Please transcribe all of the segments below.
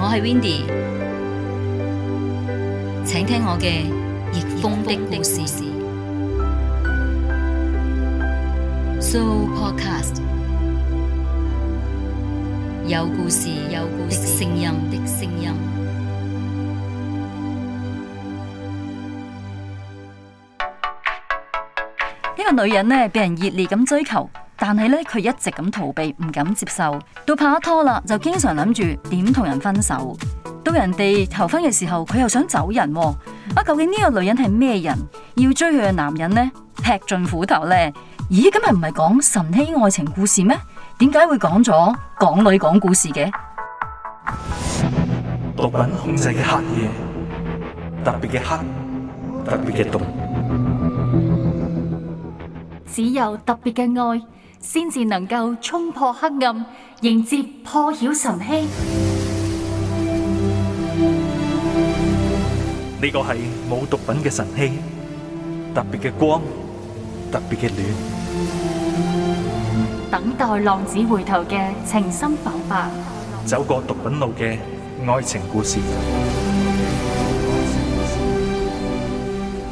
我係 Windy，請聽我嘅逆風的故事。So podcast 有故事有故事聲音的聲音。呢個女人咧，被人熱烈咁追求。但係咧，佢一直咁逃避，唔敢接受。到拍拖啦，就經常諗住點同人分手。到人哋求婚嘅時候，佢又想走人，哦。啊，究竟呢個女人係咩人？要追佢嘅男人呢？劈盡苦頭呢？咦，今日唔係講神曦愛情故事咩？點解會講咗港女講故事嘅？毒品控制嘅黑夜特別嘅黑，特別嘅毒，只有特別嘅愛先至能夠衝破黑暗，迎接破曉晨曦。呢個係冇毒品嘅晨曦，特別嘅光，特別嘅暖。等待浪子回頭嘅情深剖白，走過毒品路嘅愛情故事，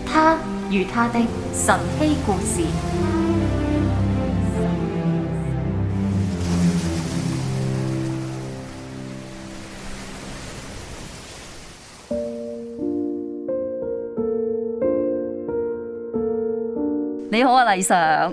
他與他的晨曦故事。你好啊，麗尚。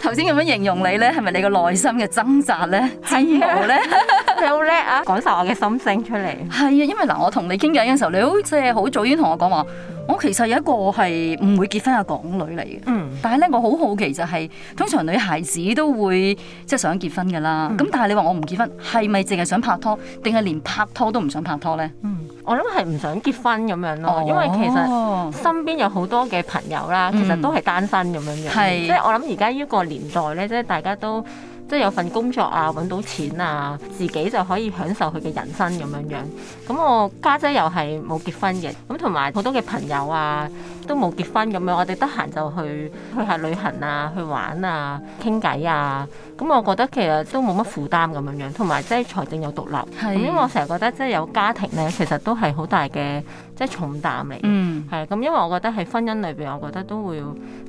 頭先咁樣形容你咧，係咪你個內心嘅掙扎咧？係啊，毛 你好叻啊，講晒我嘅心聲出嚟。係啊，因為嗱，我同你傾偈嘅時候，你好即係好早已經同我講話，我其實有一個係唔會結婚嘅港女嚟嘅。嗯。但係咧，我好好奇就係、是，通常女孩子都會即係、就是、想結婚噶啦。咁、嗯、但係你話我唔結婚，係咪淨係想拍拖，定係連拍拖都唔想拍拖咧？嗯我諗係唔想結婚咁樣咯，oh. 因為其實身邊有好多嘅朋友啦，其實都係單身咁樣樣，mm. 即係我諗而家呢個年代咧，即係大家都。即係有份工作啊，揾到錢啊，自己就可以享受佢嘅人生咁樣樣。咁我家姐又係冇結婚嘅，咁同埋好多嘅朋友啊都冇結婚咁樣，我哋得閒就去去下旅行啊，去玩啊，傾偈啊。咁我覺得其實都冇乜負擔咁樣樣，同埋即係財政有獨立。咁是我成日覺得即係有家庭呢，其實都係好大嘅。即係重擔嚟，係啊、嗯！咁因為我覺得喺婚姻裏邊，我覺得都會要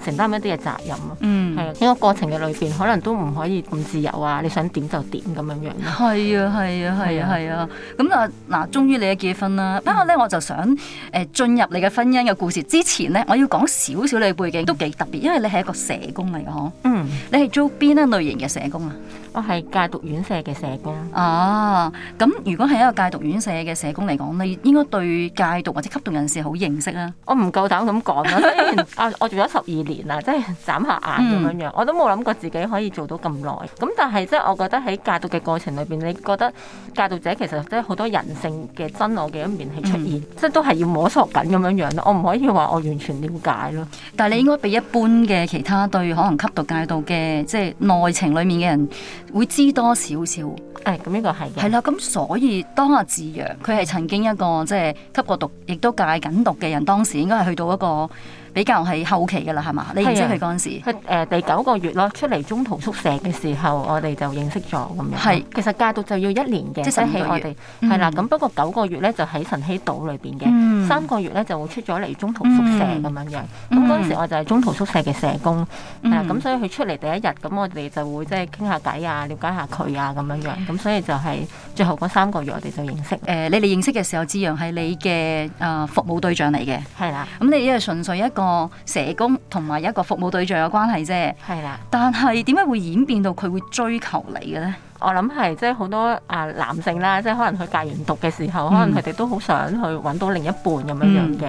承擔一啲嘅責任咯，係啊、嗯！呢個過程嘅裏邊，可能都唔可以咁自由啊！你想點就點咁樣樣咯。係啊，係啊，係啊，係啊！咁嗱嗱，終於你嘅結婚啦。不過咧，我就想誒進、呃、入你嘅婚姻嘅故事之前咧，我要講少少你背景，都幾特別，因為你係一個社工嚟嘅嗬。嗯，你係做邊一類型嘅社工啊？我係戒毒院舍嘅社工。哦、啊，咁如果係一個戒毒院舍嘅社工嚟講，你應該對戒毒或者吸毒人士好認識啦。 我唔夠膽咁講啦，雖然啊，我做咗十二年啦，即係眨下眼咁樣、嗯、樣，我都冇諗過自己可以做到咁耐。咁但係即係我覺得喺戒毒嘅過程裏邊，你覺得戒毒者其實即係好多人性嘅真我嘅一面係出現，嗯、即係都係要摸索緊咁樣樣。我唔可以話我完全了解咯。嗯、但係你應該比一般嘅其他對可能吸毒戒毒嘅即係內情裏面嘅人。會知多少少？誒、哎，咁呢個係係啦，咁所以當阿、啊、志陽佢係曾經一個即係、就是、吸過毒，亦都戒緊毒嘅人，當時應該係去到一個。比較係後期嘅啦，係嘛？你認識佢嗰陣時，佢誒第九個月咯，出嚟中途宿舍嘅時候，我哋就認識咗咁樣。係，其實戒毒就要一年嘅，即係九個月。係啦，咁不過九個月咧就喺晨曦島裏邊嘅，三個月咧就會出咗嚟中途宿舍咁樣樣。咁嗰陣時我就係中途宿舍嘅社工，係啦，咁所以佢出嚟第一日，咁我哋就會即係傾下偈啊，了解下佢啊咁樣樣。咁所以就係最後嗰三個月我哋就認識。誒，你哋認識嘅時候，志陽係你嘅誒服務對象嚟嘅。係啦。咁你因為純粹一個社工同埋一個服務對象嘅關係啫，係啦的。但係點解會演變到佢會追求你嘅咧？我諗係即係好多啊男性啦，即係可能佢戒完毒嘅時候，嗯、可能佢哋都好想去揾到另一半咁、嗯、樣樣嘅，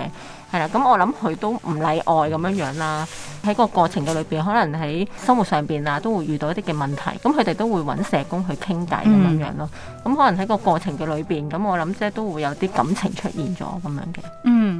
係啦。咁我諗佢都唔例外咁樣樣啦。喺個過程嘅裏邊，可能喺生活上邊啊，都會遇到一啲嘅問題。咁佢哋都會揾社工去傾偈咁樣樣咯。咁可能喺個過程嘅裏邊，咁我諗即係都會有啲感情出現咗咁樣嘅。嗯。嗯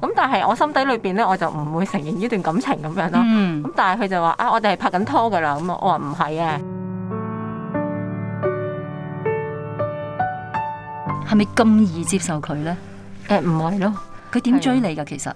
咁但係我心底裏邊咧，我就唔會承認呢段感情咁樣咯。咁、嗯、但係佢就話啊，我哋係拍緊拖噶啦。咁啊，我話唔係啊，係咪咁易接受佢咧？誒、欸，唔係咯，佢點追你噶？的其實。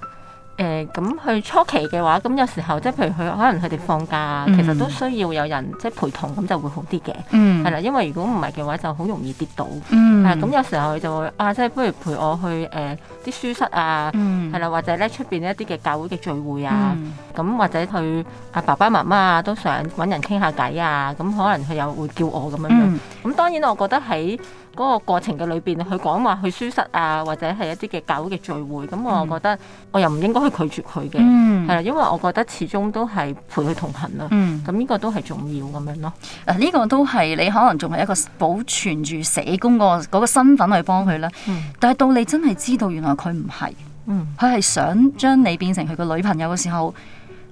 誒咁佢初期嘅話，咁有時候即係譬如佢可能佢哋放假啊，嗯、其實都需要有人即係、就是、陪同咁就會好啲嘅，係啦、嗯。因為如果唔係嘅話，就好容易跌倒。係啦、咁、嗯、有時候佢就會啊，即、就、係、是、不如陪我去誒啲、呃、書室啊，係啦、嗯，或者咧出邊一啲嘅教會嘅聚會啊，咁、嗯嗯、或者佢阿、啊、爸爸媽媽啊都想揾人傾下偈啊，咁可能佢又會叫我咁樣樣。咁、嗯嗯嗯、當然我覺得喺嗰個過程嘅裏邊，佢講話去書室啊，或者係一啲嘅狗嘅聚會，咁我覺得、嗯、我又唔應該去拒絕佢嘅，係啦、嗯，因為我覺得始終都係陪佢同行啦。咁呢、嗯、個都係重要咁樣咯。呢、啊呢個都係你可能仲係一個保存住社工個嗰個身份去幫佢啦。嗯、但係到你真係知道原來佢唔係，佢係、嗯、想將你變成佢個女朋友嘅時候，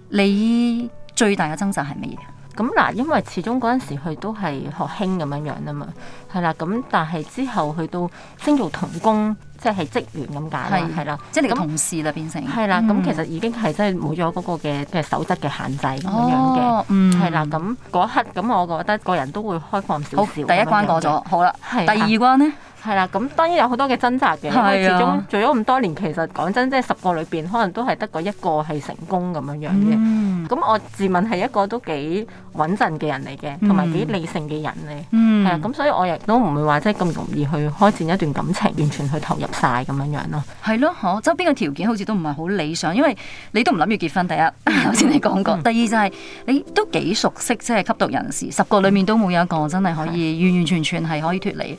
你最大嘅掙扎係乜嘢？咁嗱，因為始終嗰陣時佢都係學兄咁樣樣啊嘛，係啦。咁但係之後去到先做同工，即係係職員咁解啦，係啦，即係你嘅同事啦，變成係啦。咁其實已經係真係冇咗嗰個嘅守則嘅限制咁樣嘅，係啦。咁嗰一刻，咁我覺得個人都會開放少少。第一關過咗，好啦，第二關咧，係啦。咁當然有好多嘅掙扎嘅，因始終做咗咁多年，其實講真，即係十個裏邊，可能都係得個一個係成功咁樣樣嘅。咁我自問係一個都幾穩陣嘅人嚟嘅，同埋幾理性嘅人嚟，係啊、mm.，咁所以我亦都唔會話即係咁容易去開展一段感情，完全去投入晒咁樣樣咯。係咯，嗬，周邊嘅條件好似都唔係好理想，因為你都唔諗住結婚，第一頭先你講過，嗯、第二就係、是、你都幾熟悉，即係吸毒人士，十個裡面都冇一個真係可以完完全全係可以脫離。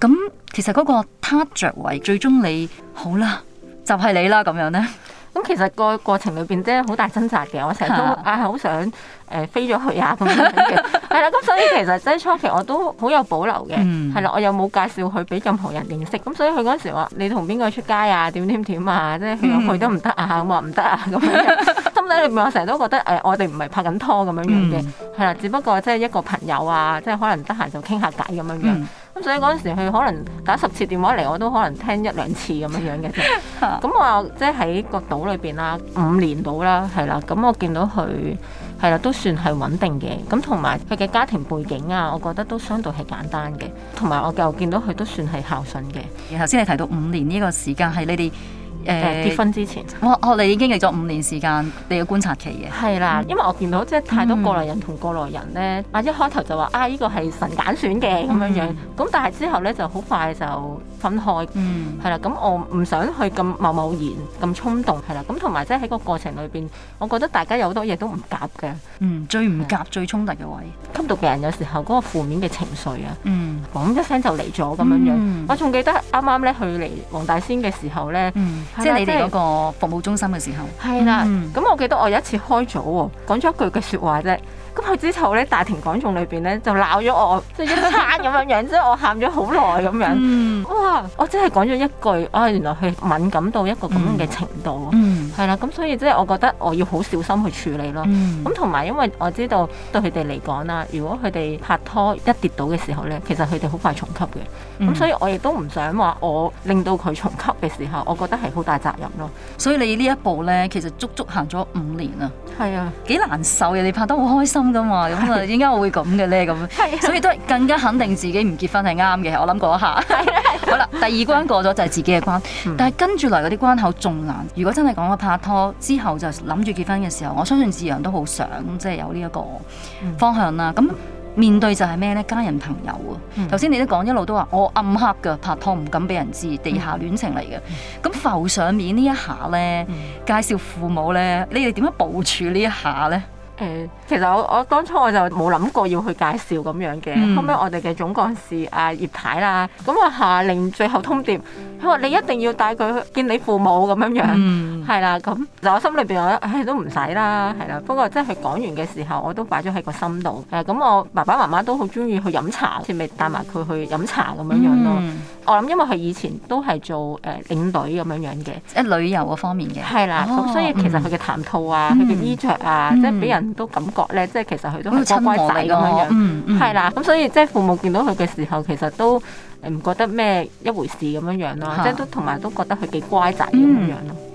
咁、嗯、其實嗰個他著位，最終你好啦，就係、是、你啦，咁樣咧。咁其實個過程裏邊即係好大掙扎嘅，我成日都啊好想誒、呃、飛咗去啊咁樣嘅，係啦， 咁所以其實即係初期我都好有保留嘅，係啦、嗯，我又冇介紹佢俾任何人認識，咁所以佢嗰時話你同邊個出街啊？點點點啊？即係去去都唔得啊？咁我話唔得啊？咁樣，咁咧，我成日都覺得誒、呃，我哋唔係拍緊拖咁樣樣嘅，係啦、嗯，只不過即係一個朋友啊，即係可能得閒就傾下偈咁樣樣。嗯咁所以嗰陣時，佢可能打十次電話嚟，我都可能聽一兩次咁樣樣嘅啫。咁 我即係喺個島裏邊啦，五年到啦，係啦。咁我見到佢係啦，都算係穩定嘅。咁同埋佢嘅家庭背景啊，我覺得都相對係簡單嘅。同埋我又見到佢都算係孝順嘅。然，頭先你提到五年呢個時間係你哋。誒、uh, 結婚之前，我我哋已經歷咗五年時間，你要觀察期嘅。係啦，因為我見到即係太多過來人同過來人咧、嗯，啊一開頭就話啊呢個係神揀選嘅咁樣樣，咁、嗯、但係之後咧就好快就分開，係啦、嗯，咁我唔想去咁貿貿然、咁衝動，係啦，咁同埋即係喺個過程裏邊，我覺得大家有好多嘢都唔夾嘅，嗯，最唔夾、的最衝突嘅位，吸毒病人有時候嗰、嗰個負面嘅情緒啊，嗯，咁一聲就嚟咗咁樣樣，我仲記得啱啱咧去嚟黃大仙嘅時候咧，嗯、的即係你哋嗰個服務中心嘅時候，係啦，咁我記得我有一次開早喎，講咗一句嘅説話啫。咁佢之後咧大庭廣眾裏邊咧就鬧咗我，即一餐咁樣 樣，即我喊咗好耐咁樣。哇！我真係講咗一句，啊、哎，原來佢敏感到一個咁樣嘅程度，係啦、嗯。咁所以即我覺得我要好小心去處理咯。咁同埋因為我知道對佢哋嚟講啦，如果佢哋拍拖一跌倒嘅時候咧，其實佢哋好快重吸嘅。咁、嗯、所以我亦都唔想話我令到佢重吸嘅時候，我覺得係好大責任咯。所以你呢一步咧，其實足足，足行咗五年啊。係啊，幾難受嘅，你拍得好開心噶嘛，咁啊點解我會咁嘅咧？咁、啊，所以都係更加肯定自己唔結婚係啱嘅。我諗過一下， 啊啊啊、好啦，第二關過咗，啊、就係自己嘅關，嗯、但係跟住嚟嗰啲關口仲難。如果真係講到拍拖之後就諗住結婚嘅時候，我相信志揚都好想即係、就是、有呢一個方向啦。咁、嗯。面對就係咩呢？家人朋友啊，頭先、嗯、你都講一路都話我暗黑㗎，拍拖唔敢畀人知，地下戀情嚟嘅。咁、嗯、浮上面呢一下呢，介紹父母呢，你哋點樣部署呢一下呢？誒，其實我我當初我就冇諗過要去介紹咁樣嘅。嗯、後尾我哋嘅總幹事阿葉太啦，咁話下令最後通牒，佢話你一定要帶佢見你父母咁樣樣，係啦、嗯。咁其實我心裏邊我覺得唉都唔使啦，係啦。不過即係佢講完嘅時候，我都擺咗喺個心度。誒，咁我爸爸媽媽都好中意去飲茶，先咪帶埋佢去飲茶咁樣、嗯、樣咯。我諗，因為佢以前都係做誒領隊咁樣樣嘅，即旅遊嗰方面嘅。係啦的，咁、哦、所以其實佢嘅談吐啊，佢嘅衣着啊，嗯、即係俾人都感覺咧，即係其實佢都係乖仔咁樣樣。係啦、嗯，咁、嗯、所以即係父母見到佢嘅時候，其實都唔覺得咩一回事咁樣樣、啊、咯，嗯、即係都同埋都覺得佢幾乖仔咁樣樣咯。嗯嗯。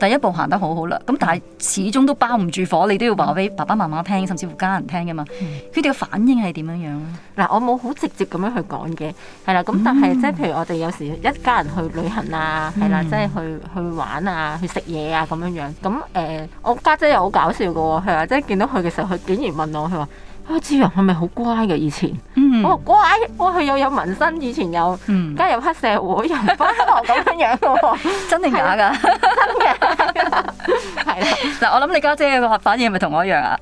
第一步行得好好啦，咁但係始終都包唔住火，你都要話俾爸爸媽媽聽，甚至乎家人聽㗎嘛。佢哋嘅反應係點樣樣？嗱，我冇好直接咁樣去講嘅，係啦，咁但係即係譬如我哋有時一家人去旅行啊，係啦，嗯、即係去去玩啊，去食嘢啊咁樣樣。咁、嗯、誒、欸，我家姐又好搞笑嘅喎，佢話即係見到佢嘅時候，佢竟然問我，佢話：志陽係咪好乖嘅以前？嗯、我話乖，我、哦、係又有紋身，以前有、嗯、加入黑社會 又幫我咁樣樣 真定假㗎？嗱， 我諗你家姐嘅反應係咪同我一樣啊？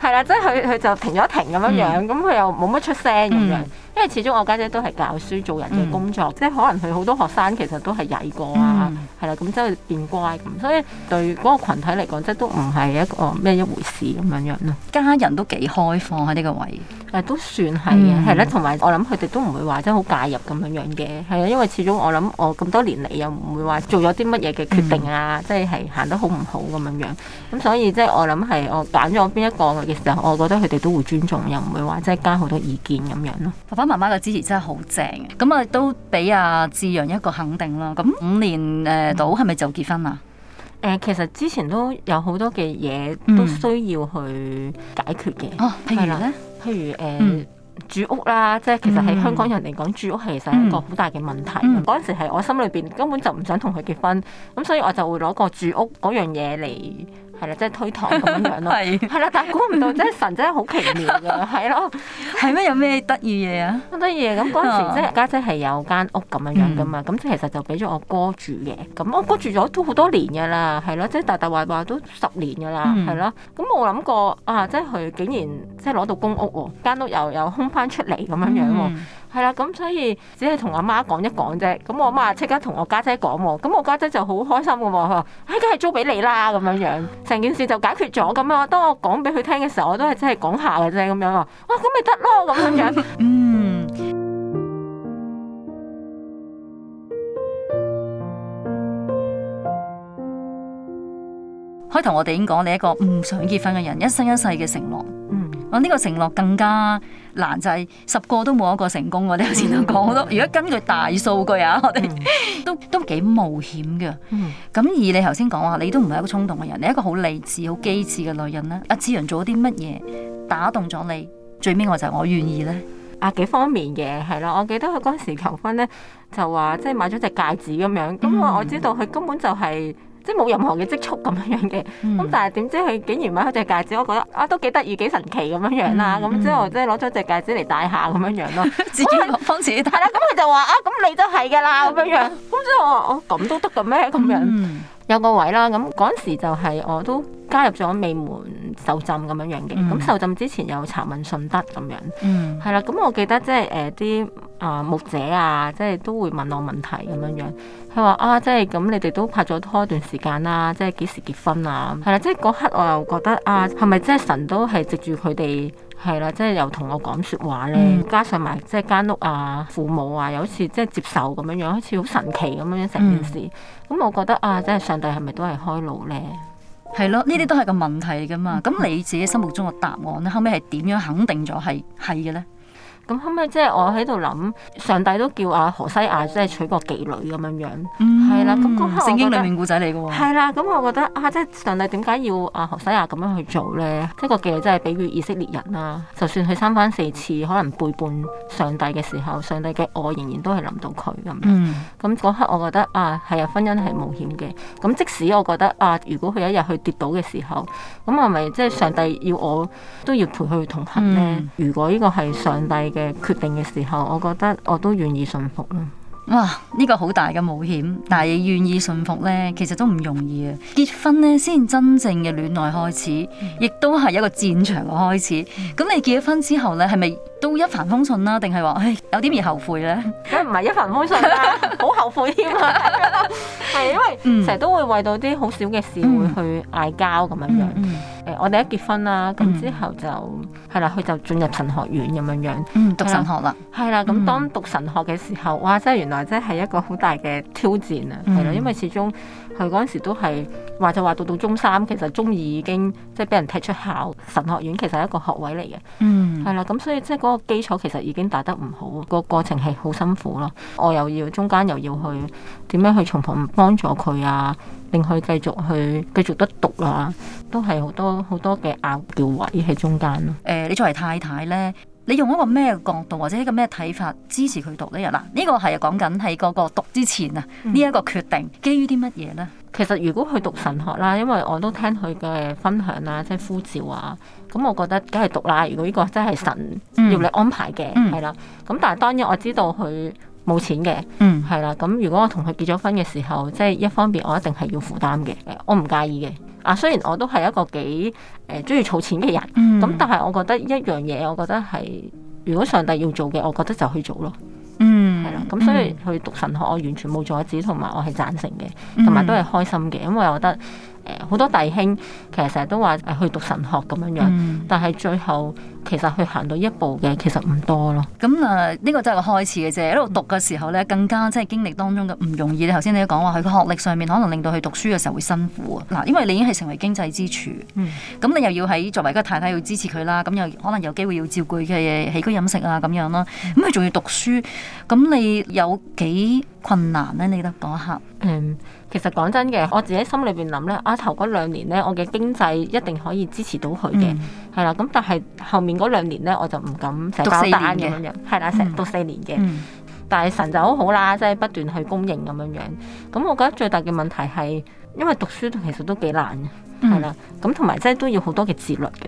係 啦， 即係佢佢就停咗停咁、嗯、樣樣，咁佢又冇乜出聲咁樣，因為始終我家姐，姐都係教書做人嘅工作，嗯、即係可能佢好多學生其實都係曳過啊。嗯係啦，咁即係變乖咁，所以對嗰個群體嚟講，即係都唔係一個咩一回事咁樣樣咯。家人都幾開放喺、啊、呢個位，誒，都算係嘅，係啦、嗯。同埋我諗佢哋都唔會話真係好介入咁樣樣嘅，係啊，因為始終我諗我咁多年嚟，又唔會話做咗啲乜嘢嘅決定啊，即係、嗯、行得好唔好咁樣樣。咁所以即係我諗係我揀咗邊一個嘅時候，我覺得佢哋都會尊重，又唔會話即係加好多意見咁樣咯。爸爸媽媽嘅支持真係好正嘅，咁啊都俾阿志陽一個肯定啦。咁五年誒。呃到係咪就結婚啦？誒、嗯，其實之前都有好多嘅嘢，都需要去解決嘅，哦、如譬如咧，譬如誒，嗯、住屋啦，即係其實喺香港人嚟講，住屋其實係一個好大嘅問題。嗰陣、嗯、時係我心裏邊根本就唔想同佢結婚，咁所以我就會攞個住屋嗰樣嘢嚟。係啦，即係推堂咁樣樣咯。係啦， 但係估唔到，即係 神真係好奇妙 啊！係咯，係咩？有咩得意嘢啊？得意嘢。咁嗰陣時，即係家姐係有間屋咁樣樣噶嘛？咁、嗯、即其實就俾咗我哥住嘅。咁我哥住咗都好多年噶啦，係咯，即係大大話話都十年噶啦，係咯、嗯。咁冇諗過啊，即係佢竟然即係攞到公屋喎，間屋又有空翻出嚟咁樣樣喎。嗯嗯係啦，咁所以只係同阿媽講一講啫。咁我阿媽即刻同我家姐講喎，咁我家姐就好開心噶喎，佢話：哎，梗係租俾你啦，咁樣樣，成件事就解決咗咁樣。當我講俾佢聽嘅時候，我都係真係講下嘅啫，咁樣話，哇，咁咪得咯，咁樣樣。嗯。開頭我哋已經講你一個唔想結婚嘅人，一生一世嘅承諾。我呢個承諾更加難，就係、是、十個都冇一個成功。我哋頭先都講，如果根據大數據啊，我哋、嗯、 都都幾冒險嘅。咁、嗯、而你頭先講話，你都唔係一個衝動嘅人，你一個好理智、好機智嘅女人咧。阿志陽做咗啲乜嘢打動咗你？最尾我就係我願意咧。啊，幾方面嘅係啦，我記得佢嗰時求婚咧就話即係買咗隻戒指咁樣。咁啊，我知道佢根本就係、是。嗯即冇任何嘅積蓄咁樣樣嘅，咁、嗯、但係點知佢竟然買咗隻戒指，我覺得啊都幾得意幾神奇咁樣樣啦，咁、嗯嗯、之後即係攞咗隻戒指嚟戴下咁樣樣咯，自己落番時幫自己戴啦。咁佢是 就話啊，咁你都係㗎啦咁樣樣。咁之後我話咁都得㗎咩咁樣？有個位啦，咁嗰陣時就係我都加入咗美門受浸咁樣樣嘅，咁、mm. 受浸之前有查問順德咁樣，係啦、mm.，咁我記得即係誒啲啊牧者啊，即係都會問我問題咁樣樣，佢話啊，即係咁你哋都拍咗拖一段時間啦，即係幾時結婚啊？係啦，即係嗰刻我又覺得啊，係咪即係神都係藉住佢哋？係啦，即係又同我講說話咧，嗯、加上埋即係間屋啊、父母啊，又好似即係接受咁樣樣，好似好神奇咁樣樣成件事。咁、嗯、我覺得啊，即係上帝係咪都係開路咧？係咯，呢啲都係個問題噶嘛。咁你自己心目中嘅答案咧，後尾係點樣肯定咗係係嘅咧？咁後尾，即係我喺度諗，上帝都叫阿何西亞即係娶個妓女咁樣樣，係啦、嗯。咁嗰刻聖經裡面故仔嚟嘅喎，係啦。咁我覺得啊，即係上帝點解要阿何西亞咁樣去做咧？即、就、係、是、個妓女係比喻以色列人啦、啊。就算佢三番四次可能背叛上帝嘅時候，上帝嘅愛仍然都係臨到佢咁。咁嗰、嗯、刻我覺得啊，係啊，婚姻係冒險嘅。咁即使我覺得啊，如果佢一日去跌倒嘅時候，咁係咪即係上帝要我都要陪佢同行咧？嗯嗯嗯、如果呢個係上帝嘅決定嘅時候，我覺得我都願意順服啦。哇！呢個好大嘅冒險，但係你願意順服呢，其實都唔容易啊。結婚呢，先真正嘅戀愛開始，亦都係一個戰場嘅開始。咁你結咗婚之後呢，係咪都一帆風順啦？定係話誒有啲嘢後悔呢？梗唔係一帆風順啦、啊，好 後悔添啊！係 因為成日都會為到啲好少嘅事、嗯、會去嗌交咁樣樣。嗯嗯嗯我哋一結婚啦，咁之後就係啦，佢、嗯、就進入神學院咁樣樣、嗯，讀神學啦。係啦，咁當讀神學嘅時候，嗯、哇！真係原來真係一個好大嘅挑戰啊，係啦、嗯，因為始終。佢嗰陣時都係話就話讀到中三，其實中二已經即係俾人踢出校神學院，其實係一個學位嚟嘅。嗯、mm.，係啦，咁所以即係嗰個基礎其實已經打得唔好，個過程係好辛苦咯。我又要中間又要去點樣去從旁幫助佢啊，令佢繼續去繼續得讀啊，都係好多好多嘅拗撬位喺中間咯。誒、欸，你作為太太咧？你用一個咩角度或者一個咩睇法支持佢讀呢？人啦，呢個係講緊喺嗰個讀之前啊，呢一個決定基於啲乜嘢呢？嗯、其實如果佢讀神學啦，因為我都聽佢嘅分享啦，即係呼召啊，咁我覺得梗係讀啦。如果呢個真係神要、嗯、你安排嘅，係、嗯、啦。咁但係當然我知道佢冇錢嘅，係、嗯、啦。咁如果我同佢結咗婚嘅時候，即係一方面我一定係要負擔嘅，我唔介意嘅。啊，雖然我都係一個幾誒鍾意儲錢嘅人，咁、mm hmm. 但係我覺得一樣嘢，我覺得係如果上帝要做嘅，我覺得就去做咯。嗯、mm，係、hmm. 啦，咁所以去讀神學，我完全冇阻止，同埋我係贊成嘅，同埋都係開心嘅，因為我覺得。好多弟兄，其實成日都話去讀神學咁樣樣，嗯、但係最後其實去行到一步嘅，其實唔多咯。咁啊，呢、呢個真係個開始嘅啫。喺度讀嘅時候咧，更加即係經歷當中嘅唔容易。你頭先你都講話，佢個學歷上面可能令到佢讀書嘅時候會辛苦嗱、啊，因為你已經係成為經濟支柱，咁、嗯、你又要喺作為一個太太要支持佢啦，咁又可能有機會要照顧佢嘅起居飲食啊咁樣啦。咁佢仲要讀書，咁你有幾困難咧？你嗰刻嗯。其實講真嘅，我自己心裏邊諗咧，啊頭嗰兩年咧，我嘅經濟一定可以支持到佢嘅，係啦、嗯。咁但係後面嗰兩年咧，我就唔敢社保單咁樣，係啦，成到、嗯、四年嘅。嗯、但係神就好好啦，即、就、係、係、不斷去供應咁樣樣。咁我覺得最大嘅問題係。因為讀書其實都幾難嘅，係啦、嗯，咁同埋即係都要好多嘅自律嘅，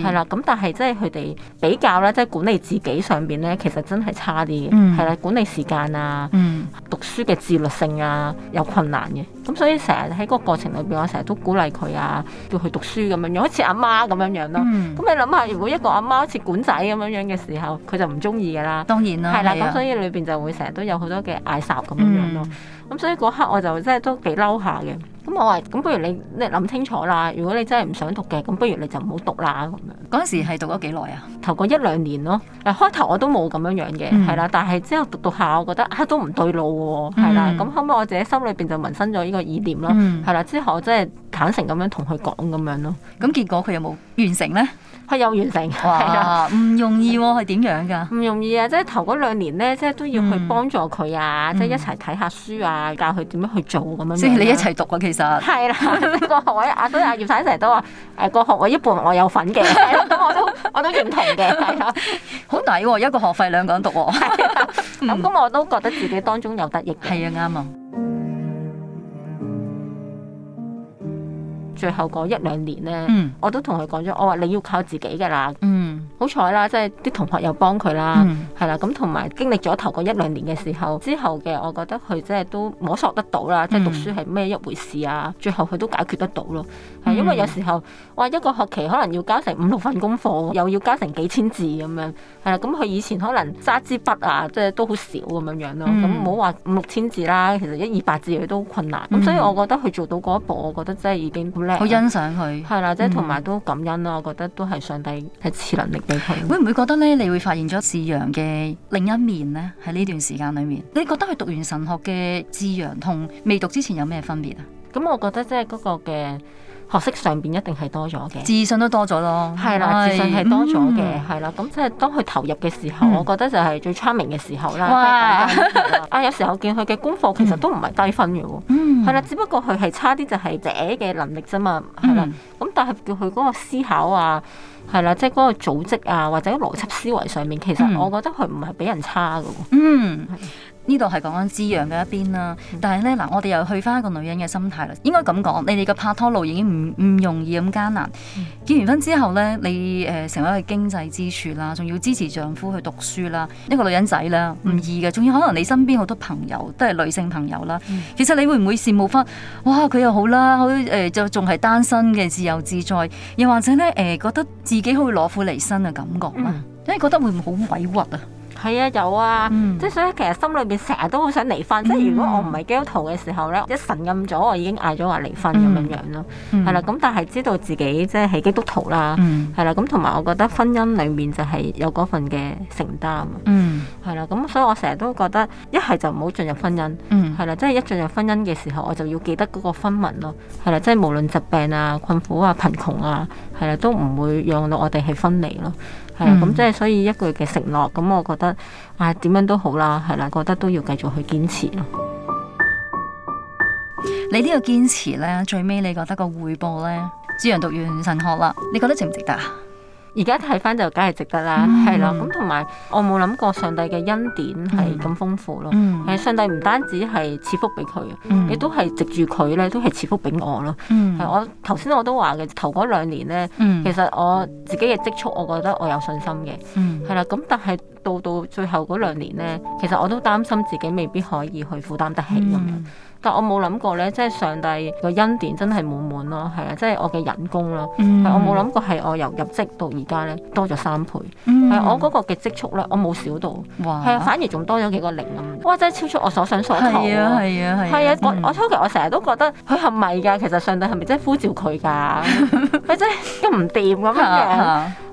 係啦的，咁但係即係佢哋比較咧，即係管理自己上邊咧，其實真係差啲嘅，係啦、嗯，管理時間啊，嗯、讀書嘅自律性啊，有困難嘅，咁所以成日喺個過程裏邊，我成日都鼓勵佢啊，叫佢讀書咁樣樣，好似阿媽咁樣樣咯。咁你諗下，如果一個阿媽好似管仔咁樣樣嘅時候，佢就唔中意噶啦，當然啦，係啦的，咁的所以裏邊就會成日都有好多嘅嗌霎咁樣樣咯。嗯。咁所以嗰刻我就真係都幾嬲下嘅。咁我話：咁不如你，你諗清楚啦。如果你真係唔想讀嘅，咁不如你就唔好讀啦。咁樣嗰陣時係讀咗幾耐啊？頭嗰一兩年咯。誒開頭我都冇咁樣樣嘅，係啦。但係之後讀讀下，我覺得啊都唔對路喎，係啦。咁後尾我自己心裏邊就萌生咗呢個意念啦，係啦。之後我真係坦誠咁樣同佢講咁樣咯。咁結果佢有冇完成咧？佢有完成。哇！唔容易喎，係點樣㗎？唔容易啊！即係頭嗰兩年咧，即係都要去幫助佢啊，即係一齊睇下書啊。教佢點樣去做咁樣，即係你一齊讀啊！其實係啦、 那個啊啊，個學位。阿都阿葉生成日都話，誒，個學位一半我有份嘅，咁我都我都認同嘅，係啊， 好抵，哦、一個學費兩個人讀，哦，咁 咁、那個、我都覺得自己當中有得益，係啊， 啱啊。最後嗰一兩年咧、嗯，我都同佢講咗，我話你要靠自己噶啦。嗯、好彩啦，即係啲同學又幫佢啦，係啦、嗯。咁同埋經歷咗頭嗰一兩年嘅時候之後嘅，我覺得佢即係都摸索得到啦。即、就、係、是、讀書係咩一回事啊？嗯、最後佢都解決得到咯。係因為有時候，哇！一個學期可能要交成五六份功課，又要交成幾千字咁樣。係啦，咁、嗯、佢、嗯嗯嗯、以前可能揸支筆啊，即、就、係、是、都好少咁樣樣咯。咁唔好話五六千字啦，其實一二百字佢都困難。咁所以我覺得佢做到嗰一步，我覺得真係已經。好欣賞佢，係 啦，即係同埋都感恩咯。嗯、我覺得都係上帝係賜能力俾佢。會唔會覺得咧？你會發現咗智洋嘅另一面咧？喺呢段時間裏面，你覺得佢讀完神學嘅智洋同未讀之前有咩分別啊？咁 我覺得即係嗰個嘅。學識上面一定係多咗嘅，自信都多咗咯。係啦，自信係多咗嘅，係啦。咁即係當佢投入嘅時候，我覺得就係最 charming 嘅時候啦。啊，有時候見佢嘅功課其實都唔係低分嘅喎。嗯，係啦，只不過佢係差啲就係寫嘅能力啫嘛。係啦，咁但係叫佢嗰個思考啊，係啦，即係嗰個組織啊，或者邏輯思維上面，其實我覺得佢唔係比人差嘅。嗯。呢度係講緊滋養嘅一邊啦，但係咧嗱，我哋又去翻一個女人嘅心態啦。應該咁講，你哋嘅拍拖路已經唔唔容易咁艱難，結、嗯、完婚之後咧，你誒、呃、成為一個經濟支柱啦，仲要支持丈夫去讀書啦，一個女人仔啦，唔、呃嗯、易嘅。仲要可能你身邊好多朋友都係女性朋友啦，嗯、其實你會唔會羨慕翻？哇，佢又好啦，佢誒就仲係單身嘅自由自在，又或者咧誒、呃、覺得自己可去攞苦離身嘅感覺啦、嗯，因為覺得會唔會好委屈啊？.係啊，有啊，嗯、即係所以其實心裏邊成日都好想離婚。嗯、即係如果我唔係基督徒嘅時候咧，一神暗咗，我已經嗌咗話離婚咁、嗯、樣樣咯。係、嗯、啦，咁但係知道自己即係係基督徒啦，係、嗯、啦，咁同埋我覺得婚姻裡面就係有嗰份嘅承擔。係、嗯、啦，咁所以我成日都覺得一係就唔好進入婚姻。係、嗯、啦，即係一進入婚姻嘅時候，我就要記得嗰個婚盟咯。係啦，啦，即係無論疾病啊、困苦啊、貧窮啊，係啦，都唔會讓我到我哋係分離咯。係啊咁，即係 所以一句嘅承諾，咁我覺得啊，點樣都好啦，係啦，覺得都要繼續去堅持咯。 你個堅呢個堅持咧，最尾你覺得個回報咧，志揚讀完神學啦，你覺得值唔值得啊？而家睇翻就梗係值得啦，係啦、嗯，咁同埋我冇諗過上帝嘅恩典係咁豐富咯，係、嗯、上帝唔單止係賜福俾佢，嗯、亦都係藉住佢咧，都係賜福俾我咯。係、嗯、我頭先我都話嘅，頭嗰兩年咧，嗯、其實我自己嘅積蓄，我覺得我有信心嘅。嗯係啦，咁但係到到最後嗰兩年咧，其實我都擔心自己未必可以去負擔得起咁樣。嗯、但我冇諗過咧，即係上帝個恩典真係滿滿咯，係啊，即係我嘅人工啦。嗯、我冇諗過係我由入職到而家咧多咗三倍，係我嗰個嘅積蓄咧，我冇少到，哇反而仲多咗幾個零咁。哇！真係超出我所想所求啊，係啊，係啊，我我初期我成日都覺得佢係咪㗎？其實上帝係咪真係呼召佢㗎？係咪 真係唔掂咁樣？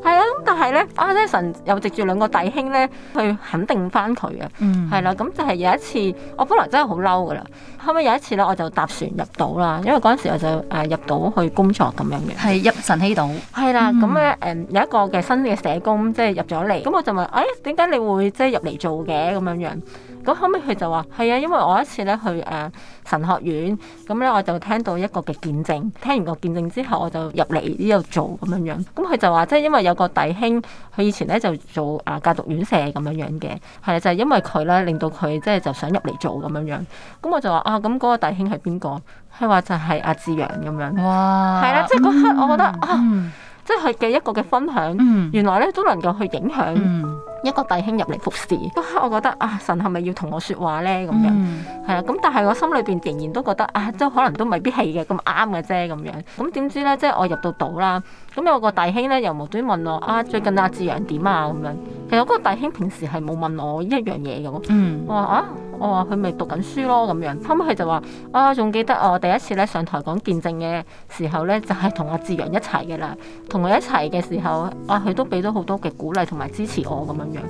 係的啊，但係咧啊，即係神又～直住兩個弟兄咧，去肯定翻佢啊，係啦、嗯。咁就係有一次，我本來真係好嬲噶啦。後尾有一次咧，我就搭船入島啦，因為嗰陣時候我就誒、啊、入島去工作咁樣嘅。係入神曦島。係啦的，咁咧誒有一個嘅新嘅社工，即係入咗嚟。咁我就問：誒點解你會即係入嚟做嘅咁樣樣？咁後尾佢就話：係啊，因為我一次咧去誒、啊、神學院，咁咧我就聽到一個嘅見證。聽完個見證之後，我就入嚟呢度做咁樣樣。咁佢就話：即係因為有個弟兄，佢以前咧就做啊戒毒院舍咁樣樣嘅，係啊就係、是、因為佢咧令到佢即係就想入嚟做咁樣樣，咁我就話啊，咁嗰個弟兄係邊個？佢話就係阿志陽咁樣，哇，係啦，即係嗰刻我覺得、嗯、啊，即係佢嘅一個嘅分享，嗯、原來咧都能夠去影響、嗯。一個弟兄入嚟服侍，嗰刻 我覺得啊，神係咪要同我說話咧？咁、mm. 樣係啦，咁但係我心裏邊仍然都覺得啊，即係可能都未必係嘅，咁啱嘅啫咁樣。咁、嗯、點知咧，即係我入到島啦，咁有個弟兄咧，又無端端問我啊，最近阿、啊、志陽點啊咁樣。其實嗰個弟兄平時係冇問我一樣嘢嘅嗯。Mm. 我話啊。我話佢咪讀緊書咯咁樣，後尾佢就話啊，仲記得我第一次咧上台講見證嘅時候咧，就係同阿志陽一齊嘅啦，同佢一齊嘅時候，啊佢都俾咗好多嘅鼓勵同埋支持我咁樣樣。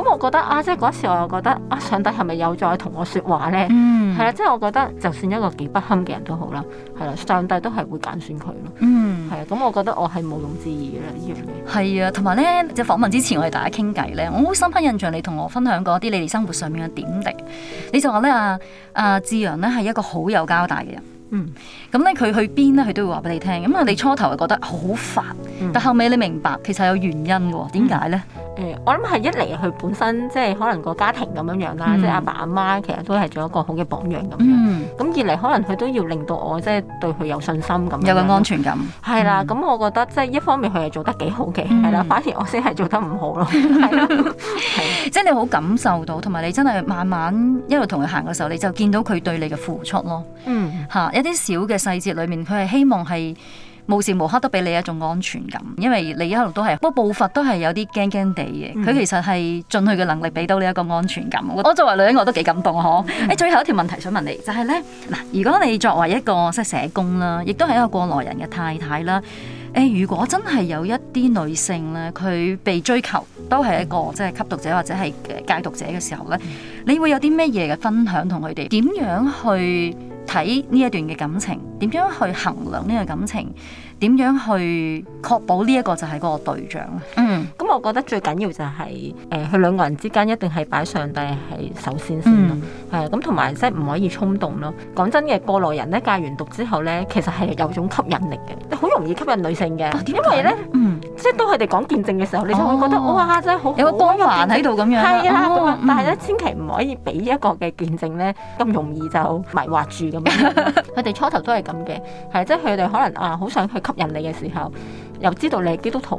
咁我覺得啊，即係嗰一次我又覺得啊，上帝係咪有再同我說話咧？係啦、嗯啊，即係我覺得，就算一個幾不堪嘅人都好啦，係啦、啊，上帝都係會揀選佢咯。嗯，係啊，咁我覺得我係無庸置疑嘅啦，呢樣嘢。係啊，同埋咧，就訪問之前我哋大家傾偈咧，我好深刻印象你同我分享過一啲你哋生活上面嘅點滴。你就話咧啊啊，智揚咧係一個好有交代嘅人。嗯，咁咧佢去邊咧？佢都會話俾你聽。咁啊，你初頭係覺得好煩，但後尾你明白其實有原因嘅。點解咧？誒，我諗係一嚟佢本身即係可能個家庭咁樣樣啦，即係阿爸阿媽其實都係做一個好嘅榜樣咁。嗯。咁二嚟可能佢都要令到我即係對佢有信心咁，有個安全感。係啦，咁我覺得即係一方面佢係做得幾好嘅，係啦，反而我先係做得唔好咯。係啦，即係你好感受到，同埋你真係慢慢一路同佢行嘅時候，你就見到佢對你嘅付出咯。吓喺啲小嘅細節裏面，佢係希望係無時無刻都俾你一種安全感，因為你一路都係，不過步伐都係有啲驚驚地嘅。佢其實係盡佢嘅能力俾到你一個安全感。嗯、我作為女人，我都幾感動嗬。嗯、最後一條問題想問你，就係咧嗱，如果你作為一個即係社工啦，亦都係一個過來人嘅太太啦，誒，如果真係有一啲女性咧，佢被追求都係一個、嗯、即係吸毒者或者係戒毒者嘅時候咧，嗯、你會有啲咩嘢嘅分享同佢哋？點樣去？睇呢一段嘅感情，點樣去衡量呢個感情？點樣去確保呢一個就係嗰個對象咧？嗯，咁我覺得最緊要就係誒，佢、呃、兩個人之間一定係擺上帝喺首先先咯。誒、嗯，咁同埋即係唔可以衝動咯。講真嘅，過來人咧，戒完毒之後咧，其實係有種吸引力嘅，好容易吸引女性嘅，哦、為因為咧，嗯。即係當佢哋講見證嘅時候，你就會覺得哇，真係好有個光環喺度咁樣。係啊，但係咧，千祈唔可以俾一個嘅見證咧，咁容易就迷惑住咁。佢哋初頭都係咁嘅，係即係佢哋可能啊，好想去吸引你嘅時候，又知道你係基督徒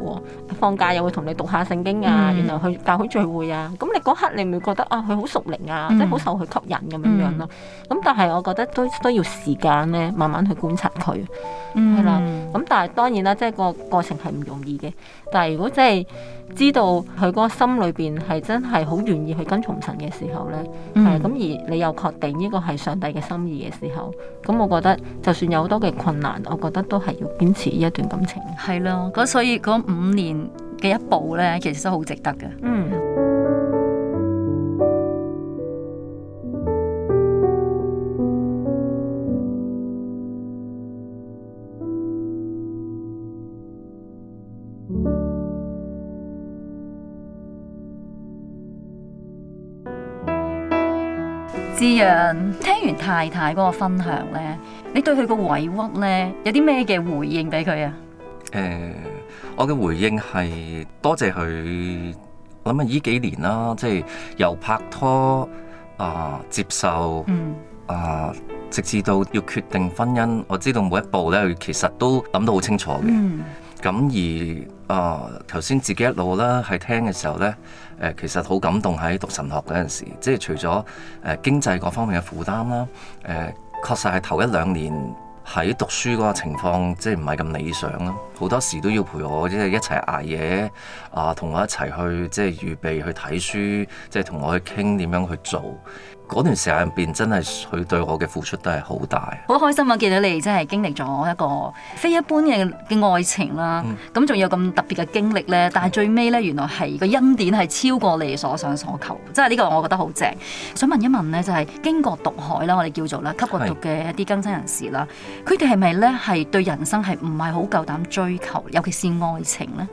喎，放假又會同你讀下聖經啊，然後去教會聚會啊，咁你嗰刻你唔咪覺得啊，佢好熟靈啊，即係好受佢吸引咁樣樣咯。咁但係我覺得都、都要時間咧，慢慢去觀察佢。係啦，咁但係當然啦，即係個過程係唔容易嘅。但係如果真係知道佢嗰個心裏邊係真係好願意去跟從神嘅時候呢，咁、嗯、而你又確定呢個係上帝嘅心意嘅時候，咁我覺得就算有好多嘅困難，我覺得都係要堅持呢一段感情。係咯，咁所以嗰五年嘅一步呢，其實都好值得嘅。嗯。是聽完太太嗰個分享呢，你對佢個委屈呢，有啲咩嘅回應俾佢啊？誒、呃，我嘅回應係多謝佢，諗下呢幾年啦，即係由拍拖啊、呃，接受啊、嗯呃，直至到要決定婚姻，我知道每一步呢其實都諗得好清楚嘅。嗯咁而啊，頭先自己一路啦，喺聽嘅時候呢，誒、呃、其實好感動喺讀神學嗰陣時，即係除咗誒、呃、經濟各方面嘅負擔啦，誒、呃、確實係頭一兩年喺讀書嗰個情況，即係唔係咁理想啦，好多時都要陪我即係一齊捱夜啊，同我一齊去即係預備去睇書，即係同我去傾點樣去做。嗰段時間入邊，真係佢對我嘅付出都係好大。好開心啊！見到你真係經歷咗一個非一般嘅嘅愛情啦、啊，咁仲、嗯、有咁特別嘅經歷呢？嗯、但係最尾呢，原來係個恩典係超過你所想所求，即係呢個我覺得好正。想問一問呢，就係、是、經過毒海啦，我哋叫做啦吸過毒嘅一啲更生人士啦，佢哋係咪呢？係對人生係唔係好夠膽追求，尤其是愛情呢？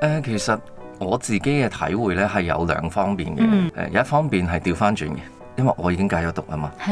呃、其實我自己嘅體會呢，係有兩方面嘅。誒、嗯，嗯、一方面係調翻轉嘅。因為我已經戒咗毒啊嘛，是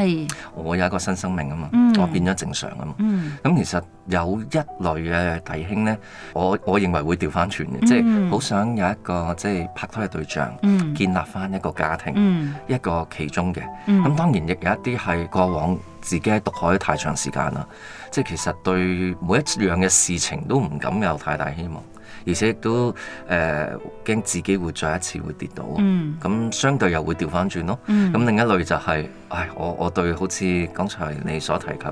我有一個新生命啊嘛，嗯、我變咗正常啊嘛，咁、嗯、其實有一類嘅弟兄咧，我我認為會調翻轉嘅，即係好想有一個即係、就是、拍拖嘅對象，嗯、建立翻一個家庭，嗯、一個其中嘅。咁、嗯、當然亦有一啲係過往自己喺毒海太長時間啦，即、就、係、是、其實對每一樣嘅事情都唔敢有太大希望。而且亦都誒驚自己會再一次會跌倒，咁、嗯、相對又會調翻轉咯。咁、嗯、另一類就係、是，唉，我我對好似剛才你所提及，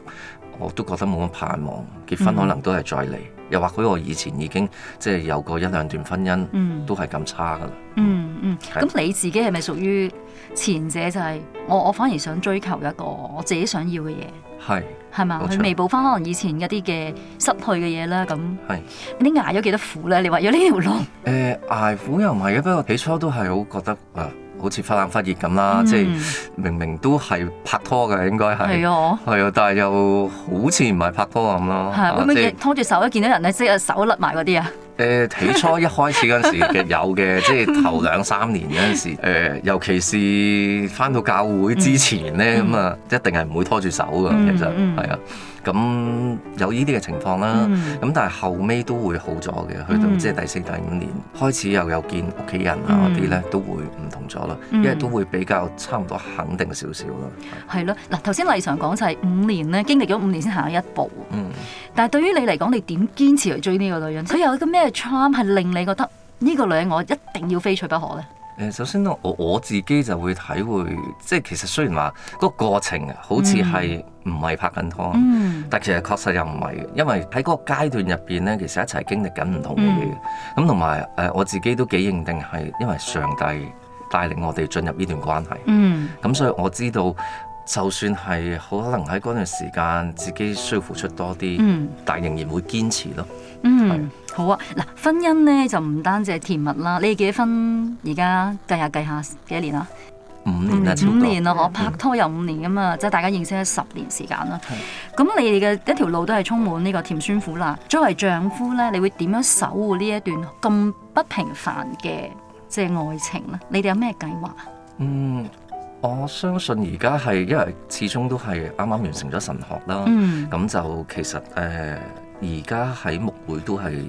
我都覺得冇咁盼望，結婚可能都係再嚟，嗯、又或許我以前已經即係有過一兩段婚姻，嗯、都係咁差㗎喇。嗯嗯，咁、嗯、是你自己係咪屬於前者、就是？就係我我反而想追求一個我自己想要嘅嘢。係，係嘛？佢彌補返可能以前一啲嘅失去嘅嘢啦。咁，係你挨咗幾多苦咧？你話有呢條路？誒、呃，挨苦又唔係嘅，不過起初都係好覺得誒、呃，好似忽冷忽熱咁啦。嗯、即係明明都係拍拖嘅，應該係，係啊，係啊，但係又好似唔係拍拖咁咯。係會唔會拖住手一見到人咧，即係手甩埋嗰啲啊？誒、呃、起初一開始嗰陣時嘅， 有嘅，即係頭兩三年嗰陣時、 呃，尤其是返到教會之前咧，咁啊一定係唔會拖住手㗎，其實係啊。嗯嗯。咁有呢啲嘅情況啦，咁、嗯、但係後尾都會好咗嘅，去到即係第四、第五年、嗯、開始又有見屋企人啊嗰啲咧，嗯、都會唔同咗啦，嗯、因為都會比較差唔多肯定少少啦。係咯、嗯，嗱頭先麗常講就係五年咧經歷咗五年先行一步，嗯，但係對於你嚟講，你點堅持去追呢個女人？佢以有個咩 charm 係令你覺得呢個女人我一定要非娶不可咧？誒，首先咧，我我自己就會體會，即係其實雖然話個過程啊，好似係唔係拍緊拖，mm. 但其實確實又唔係，因為喺嗰個階段入邊咧，其實一齊經歷緊唔同嘅嘢，咁同埋誒，我自己都幾認定係因為上帝帶領我哋進入呢段關係，咁、mm. 所以我知道。就算係好可能喺嗰段時間自己需要付出多啲，但仍然會堅持咯。嗯，好啊。嗱，婚姻咧就唔單止係甜蜜啦。你哋結婚而家計下計下幾多年啊？五年啦，五年啦，我拍拖有五年㗎嘛，即係大家認識咗十年時間啦。咁你哋嘅一條路都係充滿呢個甜酸苦辣。作為丈夫咧，你會點樣守護呢一段咁不平凡嘅即係愛情咧？你哋有咩計劃？嗯。我相信而家係，因為始終都係啱啱完成咗神學啦，咁、嗯、就其實誒，而家喺牧會都係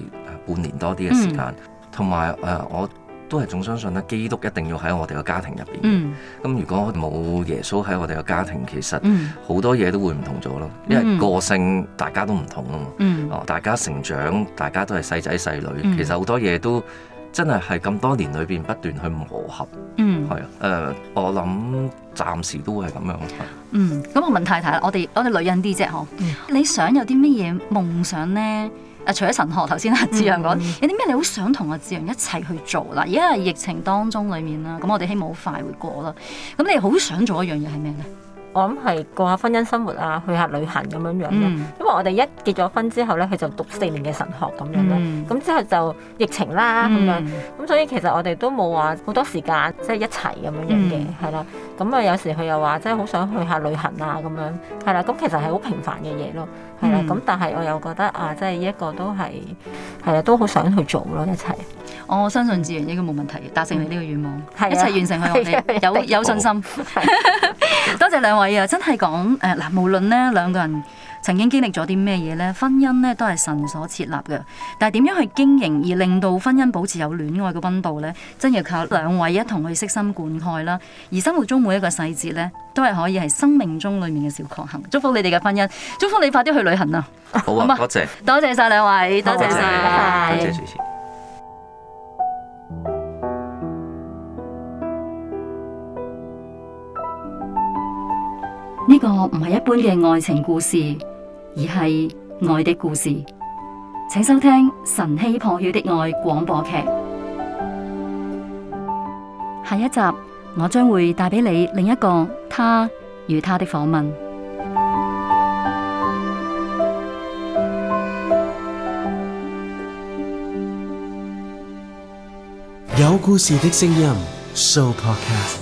半年多啲嘅時間，同埋誒，我都係仲相信咧，基督一定要喺我哋個家庭入邊。咁、嗯、如果冇耶穌喺我哋個家庭，其實好多嘢都會唔同咗咯。嗯、因為個性大家都唔同啊嘛、嗯呃，大家成長，大家都係細仔細女，其實好多嘢都真係係咁多年裏邊不斷去磨合。嗯。係、呃、我諗暫時都會係咁樣。嗯，咁我問太太啦，我哋我哋女人啲啫，嗬、嗯。你想有啲乜嘢夢想咧？誒、啊，除咗神學頭先阿志陽講，嗯嗯有啲咩你好想同阿志陽一齊去做啦？而家係疫情當中裡面啦，咁我哋希望好快會過啦。咁你好想做一樣嘢係咩咧？我諗係過下婚姻生活啊，去下旅行咁樣樣、嗯、因為我哋一結咗婚之後咧，佢就讀四年嘅神學咁樣咯。咁、嗯、之後就疫情啦，咁樣咁，所以其實我哋都冇話好多時間即係一齊咁樣樣嘅係啦。咁啊、嗯，有時佢又話即係好想去下旅行啊，咁樣係啦。咁其實係好平凡嘅嘢咯，係啦、嗯。咁但係我又覺得啊，即係一個都係係啊，都好想去做咯，一齊。我相信志源應該冇問題嘅，達成你呢個願望，嗯、一齊完成佢哋、嗯，有有信心。好 多謝兩位啊！真係講誒嗱，無論呢兩個人曾經經歷咗啲咩嘢呢，婚姻呢都係神所設立嘅。但係點樣去經營而令到婚姻保持有戀愛嘅溫度呢？真係要靠兩位一同去悉心灌溉啦。而生活中每一個細節呢，都係可以係生命中裡面嘅小確幸。祝福你哋嘅婚姻，祝福你快啲去旅行啊！好啊，多謝多謝晒兩位，多謝晒好，多謝主持呢個唔係一般嘅愛情故事，而係愛的故事。請收聽《晨曦破曉的愛》廣播劇。下一集我將會帶俾你另一個他與他的訪問。有故事的聲音，Show Podcast。